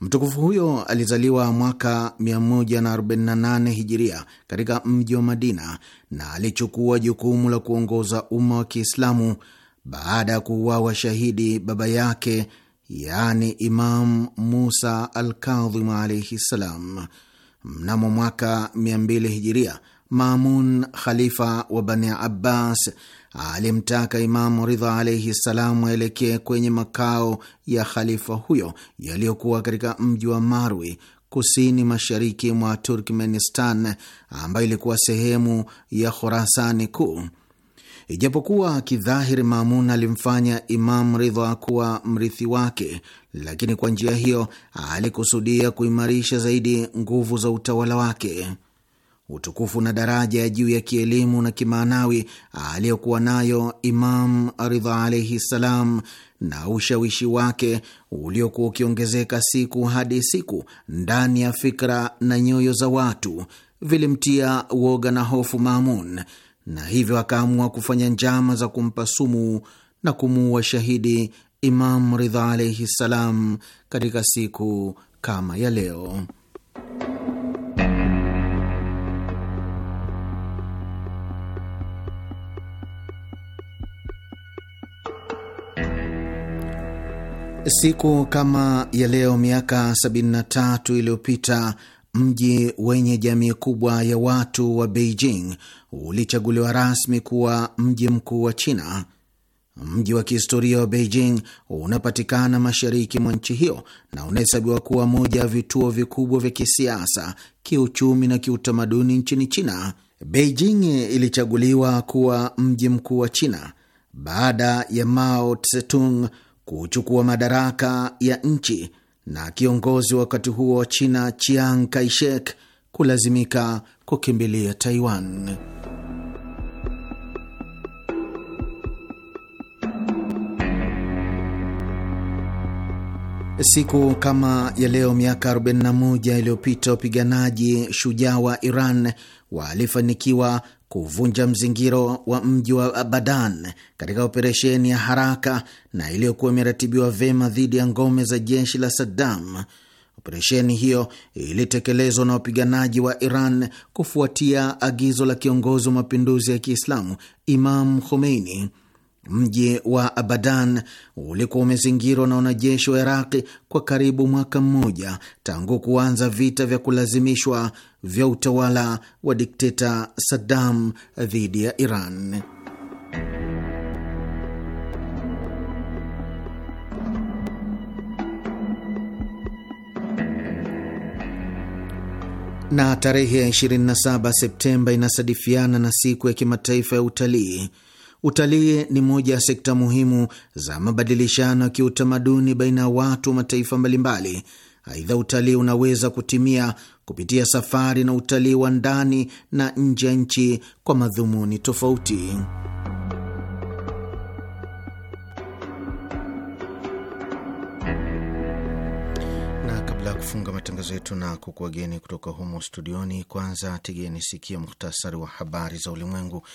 Mtukufu huyo alizaliwa mwaka 148 hijiria katika mji wa Madina na alichukua jukumu la kuongoza umma wa Kiislamu baada ya kuuawa shahidi baba yake, yani Imam Musa alkadhimu alaihi ssalam. Mnamo mwaka 200 hijiria, Mamun khalifa wa Bani Abbas alimtaka Imamu Ridha alaihi ssalam aelekee kwenye makao ya khalifa huyo yaliyokuwa katika mji wa Marwi kusini mashariki mwa Turkmenistan ambayo ilikuwa sehemu ya Khorasani kuu. Ijapokuwa kidhahiri Mamun alimfanya Imam Ridha kuwa mrithi wake, lakini kwa njia hiyo alikusudia kuimarisha zaidi nguvu za utawala wake. Utukufu na daraja ya juu ya kielimu na kimaanawi aliyokuwa nayo Imam Ridha alaihi ssalam, na ushawishi wake uliokuwa ukiongezeka siku hadi siku ndani ya fikra na nyoyo za watu vilimtia woga na hofu Mamun na hivyo akaamua kufanya njama za kumpa sumu na kumuua shahidi Imam Ridha alaihi ssalam katika siku kama ya leo. Siku kama ya leo miaka 73 iliyopita mji wenye jamii kubwa ya watu wa Beijing ulichaguliwa rasmi kuwa mji mkuu wa China. Mji wa kihistoria wa Beijing unapatikana mashariki mwa nchi hiyo na unahesabiwa kuwa moja ya vituo vikubwa vya kisiasa, kiuchumi na kiutamaduni nchini China. Beijing ilichaguliwa kuwa mji mkuu wa China baada ya Mao Tsetung kuchukua madaraka ya nchi na kiongozi wakati huo wa China Chiang Kai-shek kulazimika kukimbilia Taiwan. Siku kama ya leo miaka 41 iliyopita wapiganaji shujaa wa Iran walifanikiwa kuvunja mzingiro wa mji wa Abadan katika operesheni ya haraka na iliyokuwa imeratibiwa vema dhidi ya ngome za jeshi la Saddam. Operesheni hiyo ilitekelezwa na wapiganaji wa Iran kufuatia agizo la kiongozi wa mapinduzi ya Kiislamu Imam Khomeini. Mji wa Abadan ulikuwa umezingirwa na wanajeshi wa Iraqi kwa karibu mwaka mmoja tangu kuanza vita vya kulazimishwa vya utawala wa dikteta Saddam dhidi ya Iran. na tarehe ya 27 Septemba inasadifiana na siku ya kimataifa ya utalii. Utalii ni moja ya sekta muhimu za mabadilishano ya kiutamaduni baina ya watu wa mataifa mbalimbali. Aidha, utalii unaweza kutimia kupitia safari na utalii wa ndani na nje ya nchi kwa madhumuni tofauti. kufunga matangazo yetu na kukuwageni kutoka humo studioni. Kwanza tegeni sikia muhtasari wa habari za ulimwengu.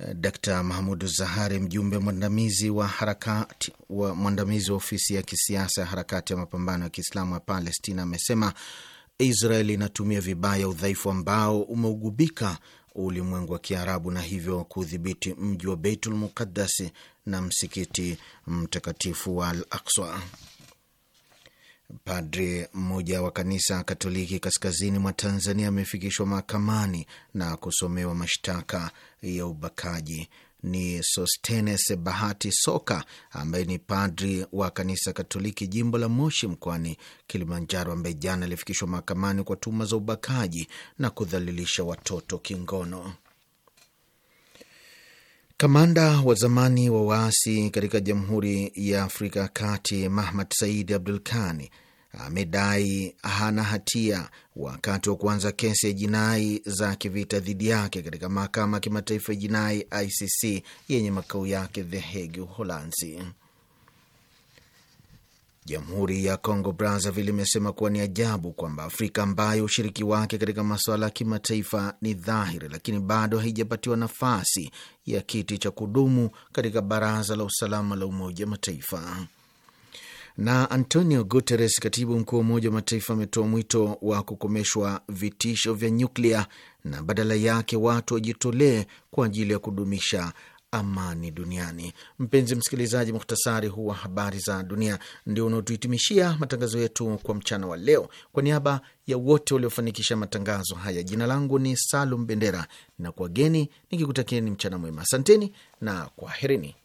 Eh, Dkt Mahmud Zahari, mjumbe mwandamizi wa harakati wa mwandamizi wa ofisi ya kisiasa ya harakati ya mapambano ya Kiislamu ya Palestina, amesema Israel inatumia vibaya udhaifu ambao umeugubika ulimwengu wa Kiarabu na hivyo kudhibiti mji wa Beitul na msikiti mtakatifu wa Al Aqsa. Padri mmoja wa kanisa Katoliki kaskazini mwa Tanzania amefikishwa mahakamani na kusomewa mashtaka ya ubakaji. Ni Sostenes Bahati Soka ambaye ni padri wa kanisa Katoliki jimbo la Moshi mkoani Kilimanjaro, ambaye jana alifikishwa mahakamani kwa tuhuma za ubakaji na kudhalilisha watoto kingono. Kamanda wa zamani wa waasi katika Jamhuri ya Afrika ya Kati Mahmad Said Abdul Kani amedai hana hatia wakati wa kuanza kesi ya jinai za kivita dhidi yake katika mahakama ya kimataifa ya jinai ICC yenye makao yake The Hague, Uholanzi. Jamhuri ya congo Brazzaville imesema kuwa ni ajabu kwamba Afrika ambayo ushiriki wake katika masuala ya kimataifa ni dhahiri, lakini bado haijapatiwa nafasi ya kiti cha kudumu katika Baraza la Usalama la Umoja wa Mataifa. Na Antonio Guterres, katibu mkuu wa Umoja wa Mataifa, ametoa mwito wa kukomeshwa vitisho vya nyuklia na badala yake watu wajitolee kwa ajili ya kudumisha amani duniani. Mpenzi msikilizaji, muhtasari huu wa habari za dunia ndio unaotuhitimishia matangazo yetu kwa mchana wa leo. Kwa niaba ya wote waliofanikisha matangazo haya, jina langu ni Salum Bendera na kwa geni nikikutakieni mchana mwema. Asanteni na kwaherini.